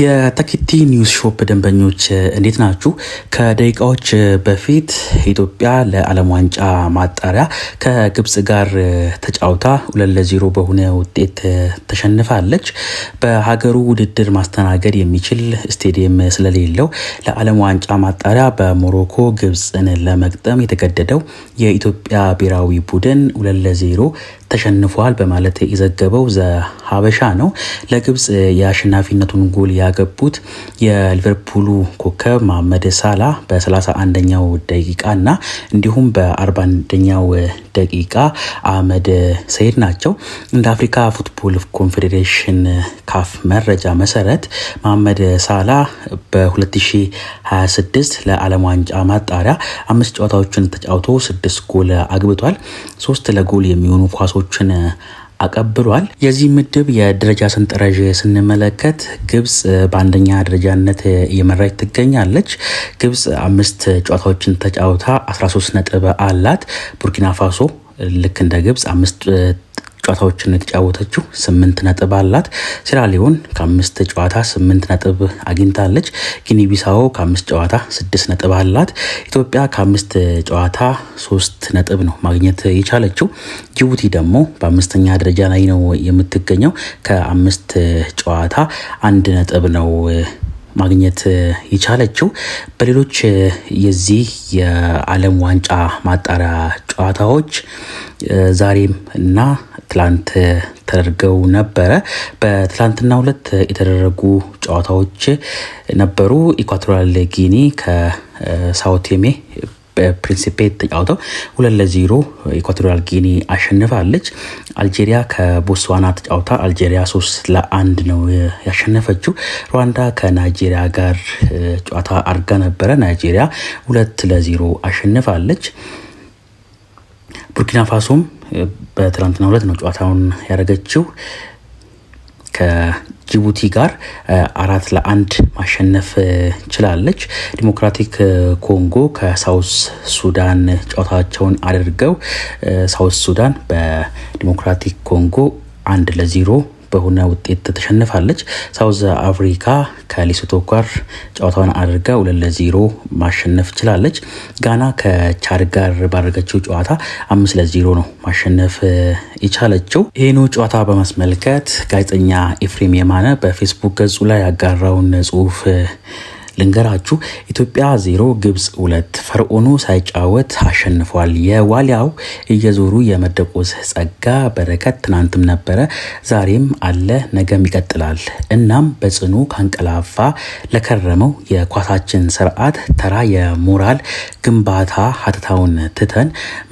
የተኪቲ ኒውስ ሾፕ ደንበኞች እንዴት ናችሁ? ከደቂቃዎች በፊት ኢትዮጵያ ለዓለም ዋንጫ ማጣሪያ ከግብጽ ጋር ተጫውታ ሁለት ለዜሮ በሆነ ውጤት ተሸንፋለች። በሀገሩ ውድድር ማስተናገድ የሚችል ስቴዲየም ስለሌለው ለዓለም ዋንጫ ማጣሪያ በሞሮኮ ግብጽን ለመግጠም የተገደደው የኢትዮጵያ ብሔራዊ ቡድን ሁለት ለዜሮ ተሸንፏል በማለት የዘገበው ዘ ሀበሻ ነው። ለግብጽ የአሸናፊነቱን ጎል ያገቡት የሊቨርፑሉ ኮከብ መሐመድ ሳላ በ31ኛው ደቂቃ እና እንዲሁም በ41ኛው ደቂቃ አህመድ ሰይድ ናቸው። እንደ አፍሪካ ፉትቦል ኮንፌዴሬሽን ካፍ መረጃ መሰረት መሐመድ ሳላ በ2026 ለዓለም ዋንጫ ማጣሪያ አምስት ጨዋታዎችን ተጫውቶ ስድስት ጎል አግብቷል። ሶስት ለጎል የሚሆኑ ኳሶችን አቀብሏል። የዚህ ምድብ የደረጃ ሰንጠረዥ ስንመለከት ግብጽ በአንደኛ ደረጃነት እየመራች ትገኛለች። ግብጽ አምስት ጨዋታዎችን ተጫውታ 13 ነጥብ አላት። ቡርኪና ፋሶ ልክ እንደ ግብጽ አምስት ጨዋታዎችን የተጫወተችው ስምንት ነጥብ አላት። ሴራሊዮን ከአምስት ጨዋታ ስምንት ነጥብ አግኝታለች። ጊኒቢሳዎ ከአምስት ጨዋታ ስድስት ነጥብ አላት። ኢትዮጵያ ከአምስት ጨዋታ ሶስት ነጥብ ነው ማግኘት የቻለችው። ጅቡቲ ደግሞ በአምስተኛ ደረጃ ላይ ነው የምትገኘው ከአምስት ጨዋታ አንድ ነጥብ ነው ማግኘት የቻለችው በሌሎች የዚህ የዓለም ዋንጫ ማጣሪያ ጨዋታዎች ዛሬም እና ትላንት ተደርገው ነበረ። በትላንትና ሁለት የተደረጉ ጨዋታዎች ነበሩ። ኢኳቶሪያል ጊኒ ከሳውቴሜ በፕሪንሲፔ ተጫውተው ሁለት ለዜሮ ኢኳቶሪያል ጊኒ አሸንፋለች። አልጄሪያ ከቦትስዋና ተጫውታ አልጄሪያ ሶስት ለአንድ ነው ያሸነፈችው። ሩዋንዳ ከናይጄሪያ ጋር ጨዋታ አድርጋ ነበረ። ናይጄሪያ ሁለት ለዜሮ አሸንፋለች። ቡርኪና ፋሶም በትላንትና ሁለት ነው ጨዋታውን ያደረገችው ጅቡቲ ጋር አራት ለአንድ ማሸነፍ ችላለች። ዲሞክራቲክ ኮንጎ ከሳውስ ሱዳን ጨዋታቸውን አድርገው ሳውስ ሱዳን በዲሞክራቲክ ኮንጎ አንድ ለዜሮ በሆነ ውጤት ተሸንፋለች። ሳውዝ አፍሪካ ከሌሶቶ ጋር ጨዋታውን አድርጋ ሁለት ለዜሮ ማሸነፍ ችላለች። ጋና ከቻድ ጋር ባደረገችው ጨዋታ አምስት ለዜሮ ነው ማሸነፍ የቻለችው። ይህኑ ጨዋታ በማስመልከት ጋዜጠኛ ኤፍሬም የማነ በፌስቡክ ገጹ ላይ ያጋራውን ጽሁፍ ልንገራችሁ፣ ኢትዮጵያ ዜሮ ግብፅ ሁለት ፈርዖኑ ሳይጫወት አሸንፏል። የዋሊያው እየዞሩ የመደቆስ ጸጋ በረከት ትናንትም ነበረ፣ ዛሬም አለ፣ ነገም ይቀጥላል። እናም በጽኑ ካንቀላፋ ለከረመው የኳሳችን ስርዓት ተራ የሞራል ግንባታ ሀተታውን ትተን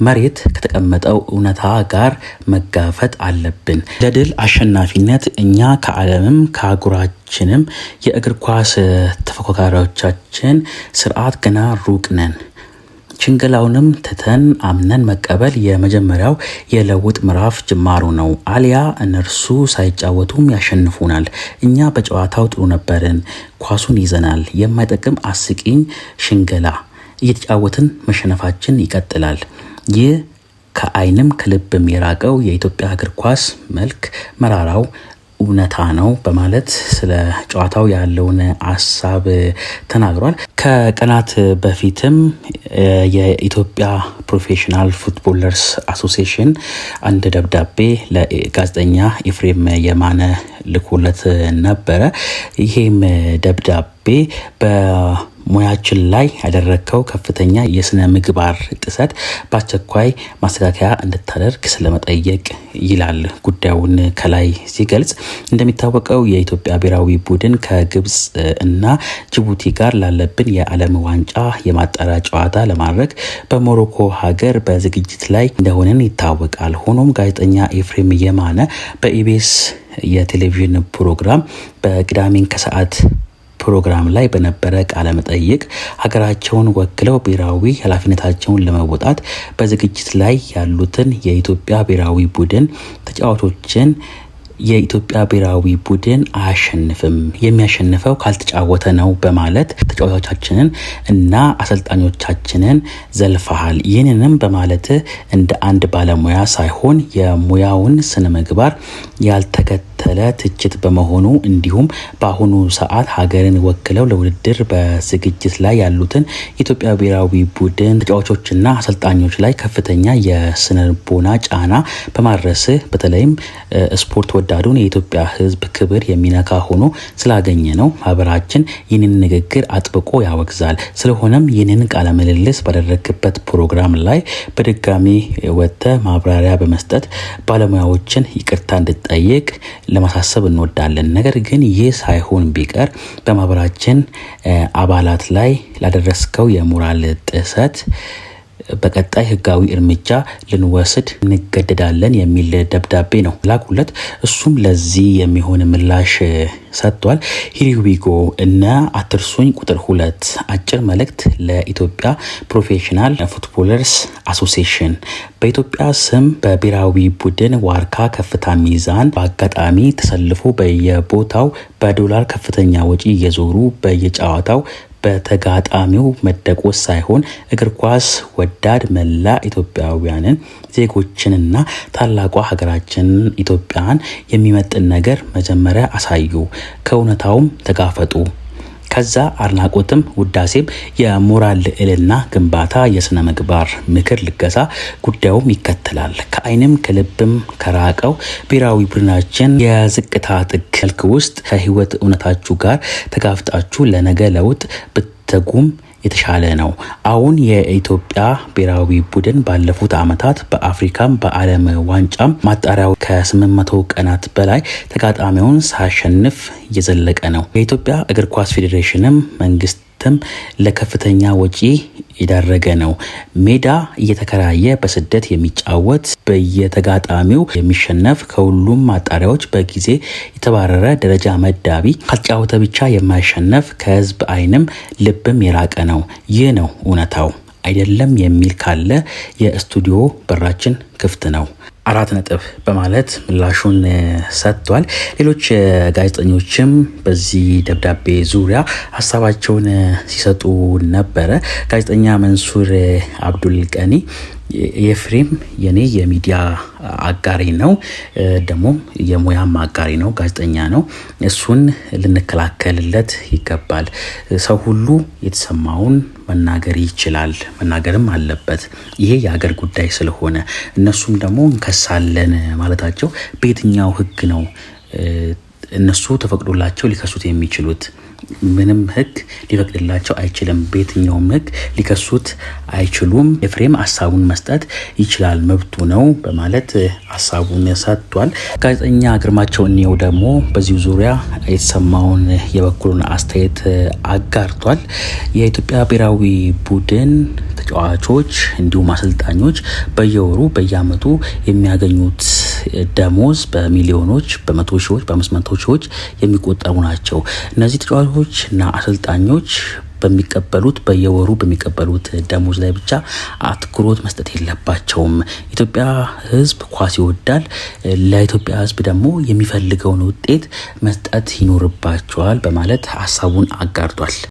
መሬት ከተቀመጠው እውነታ ጋር መጋፈጥ አለብን። ለድል አሸናፊነት እኛ ከዓለምም ከአጉራችን ሁላችንም የእግር ኳስ ተፎካካሪዎቻችን ስርዓት ገና ሩቅ ነን። ሽንገላውንም ትተን አምነን መቀበል የመጀመሪያው የለውጥ ምዕራፍ ጅማሩ ነው። አሊያ እነርሱ ሳይጫወቱም ያሸንፉናል። እኛ በጨዋታው ጥሩ ነበርን፣ ኳሱን ይዘናል። የማይጠቅም አስቂኝ ሽንገላ እየተጫወትን መሸነፋችን ይቀጥላል። ይህ ከአይንም ከልብም የራቀው የኢትዮጵያ እግር ኳስ መልክ መራራው እውነታ ነው በማለት ስለ ጨዋታው ያለውን ሀሳብ ተናግሯል። ከቀናት በፊትም የኢትዮጵያ ፕሮፌሽናል ፉትቦለርስ አሶሲሽን አንድ ደብዳቤ ለጋዜጠኛ ኤፍሬም የማነ ልኮለት ነበረ። ይሄም ደብዳቤ በ ሙያችን ላይ ያደረግከው ከፍተኛ የስነ ምግባር ጥሰት በአስቸኳይ ማስተካከያ እንድታደርግ ስለመጠየቅ ይላል ጉዳዩን ከላይ ሲገልጽ። እንደሚታወቀው የኢትዮጵያ ብሔራዊ ቡድን ከግብፅ እና ጅቡቲ ጋር ላለብን የዓለም ዋንጫ የማጣሪያ ጨዋታ ለማድረግ በሞሮኮ ሀገር በዝግጅት ላይ እንደሆነን ይታወቃል። ሆኖም ጋዜጠኛ ኤፍሬም የማነ በኢቤስ የቴሌቪዥን ፕሮግራም በቅዳሜን ከሰዓት ፕሮግራም ላይ በነበረ ቃለ መጠይቅ ሀገራቸውን ወክለው ብሔራዊ ኃላፊነታቸውን ለመወጣት በዝግጅት ላይ ያሉትን የኢትዮጵያ ብሔራዊ ቡድን ተጫዋቾችን የኢትዮጵያ ብሔራዊ ቡድን አያሸንፍም፣ የሚያሸንፈው ካልተጫወተ ነው በማለት ተጫዋቾቻችንን እና አሰልጣኞቻችንን ዘልፈሃል። ይህንንም በማለት እንደ አንድ ባለሙያ ሳይሆን የሙያውን ስነ ምግባር ያልተከተ የተከተለ ትችት በመሆኑ እንዲሁም በአሁኑ ሰዓት ሀገርን ወክለው ለውድድር በዝግጅት ላይ ያሉትን የኢትዮጵያ ብሔራዊ ቡድን ተጫዋቾችና አሰልጣኞች ላይ ከፍተኛ የስነልቦና ጫና በማድረስህ በተለይም ስፖርት ወዳዱን የኢትዮጵያ ሕዝብ ክብር የሚነካ ሆኖ ስላገኘ ነው። ማህበራችን ይህንን ንግግር አጥብቆ ያወግዛል። ስለሆነም ይህንን ቃለ ምልልስ ባደረግበት ፕሮግራም ላይ በድጋሚ ወጥተ ማብራሪያ በመስጠት ባለሙያዎችን ይቅርታ እንድጠይቅ ለማሳሰብ እንወዳለን። ነገር ግን ይህ ሳይሆን ቢቀር በማህበራችን አባላት ላይ ላደረስከው የሞራል ጥሰት በቀጣይ ህጋዊ እርምጃ ልንወስድ እንገደዳለን የሚል ደብዳቤ ነው ላኩለት። እሱም ለዚህ የሚሆን ምላሽ ሰጥቷል። ሂሪዊጎ እና አትርሱኝ ቁጥር ሁለት አጭር መልእክት ለኢትዮጵያ ፕሮፌሽናል ፉትቦለርስ አሶሲሽን በኢትዮጵያ ስም በብሔራዊ ቡድን ዋርካ ከፍታ ሚዛን በአጋጣሚ ተሰልፎ በየቦታው በዶላር ከፍተኛ ወጪ እየዞሩ በየጨዋታው በተጋጣሚው መደቆስ ሳይሆን እግር ኳስ ወዳድ መላ ኢትዮጵያውያንን ዜጎችንና ታላቋ ሀገራችን ኢትዮጵያን የሚመጥን ነገር መጀመሪያ አሳዩ፣ ከእውነታውም ተጋፈጡ። ከዛ አድናቆትም ውዳሴም የሞራል ልዕልና ግንባታ፣ የስነ ምግባር ምክር፣ ልገሳ ጉዳዩም ይከተላል። ከአይንም ከልብም ከራቀው ብሔራዊ ቡድናችን የዝቅታ ጥግ መልክ ውስጥ ከህይወት እውነታችሁ ጋር ተጋፍጣችሁ ለነገ ለውጥ ብትጉም የተሻለ ነው። አሁን የኢትዮጵያ ብሔራዊ ቡድን ባለፉት ዓመታት በአፍሪካም በዓለም ዋንጫም ማጣሪያው ከ800 ቀናት በላይ ተጋጣሚውን ሳያሸንፍ እየዘለቀ ነው። የኢትዮጵያ እግር ኳስ ፌዴሬሽንም መንግስት ማሳተም ለከፍተኛ ወጪ የዳረገ ነው። ሜዳ እየተከራየ በስደት የሚጫወት በየተጋጣሚው የሚሸነፍ ከሁሉም ማጣሪያዎች በጊዜ የተባረረ ደረጃ መዳቢ ካጫወተ ብቻ የማይሸነፍ ከህዝብ አይንም ልብም የራቀ ነው። ይህ ነው እውነታው አይደለም የሚል ካለ የስቱዲዮ በራችን ክፍት ነው። አራት ነጥብ በማለት ምላሹን ሰጥቷል። ሌሎች ጋዜጠኞችም በዚህ ደብዳቤ ዙሪያ ሀሳባቸውን ሲሰጡ ነበረ። ጋዜጠኛ መንሱር አብዱል ቀኒ ኤፍሬም የኔ የሚዲያ አጋሪ ነው፣ ደግሞ የሙያም አጋሪ ነው፣ ጋዜጠኛ ነው። እሱን ልንከላከልለት ይገባል። ሰው ሁሉ የተሰማውን መናገር ይችላል፣ መናገርም አለበት። ይሄ የአገር ጉዳይ ስለሆነ እነሱም ደግሞ እንከሳለን ማለታቸው በየትኛው ሕግ ነው እነሱ ተፈቅዶላቸው ሊከሱት የሚችሉት ምንም ህግ ሊፈቅድላቸው አይችልም። በየትኛውም ህግ ሊከሱት አይችሉም። ኤፍሬም ሀሳቡን መስጠት ይችላል፣ መብቱ ነው በማለት ሀሳቡን ሰጥቷል። ጋዜጠኛ ግርማቸው እኔው ደግሞ በዚሁ ዙሪያ የተሰማውን የበኩሉን አስተያየት አጋርቷል። የኢትዮጵያ ብሔራዊ ቡድን ተጫዋቾች እንዲሁም አሰልጣኞች በየወሩ በየአመቱ የሚያገኙት ደሞዝ በሚሊዮኖች በመቶ ሺዎች በአምስት መቶ ሺዎች የሚቆጠሩ ናቸው። እነዚህ እና አሰልጣኞች በሚቀበሉት በየወሩ በሚቀበሉት ደሞዝ ላይ ብቻ አትኩሮት መስጠት የለባቸውም። ኢትዮጵያ ሕዝብ ኳስ ይወዳል። ለኢትዮጵያ ሕዝብ ደግሞ የሚፈልገውን ውጤት መስጠት ይኖርባቸዋል በማለት ሀሳቡን አጋርቷል።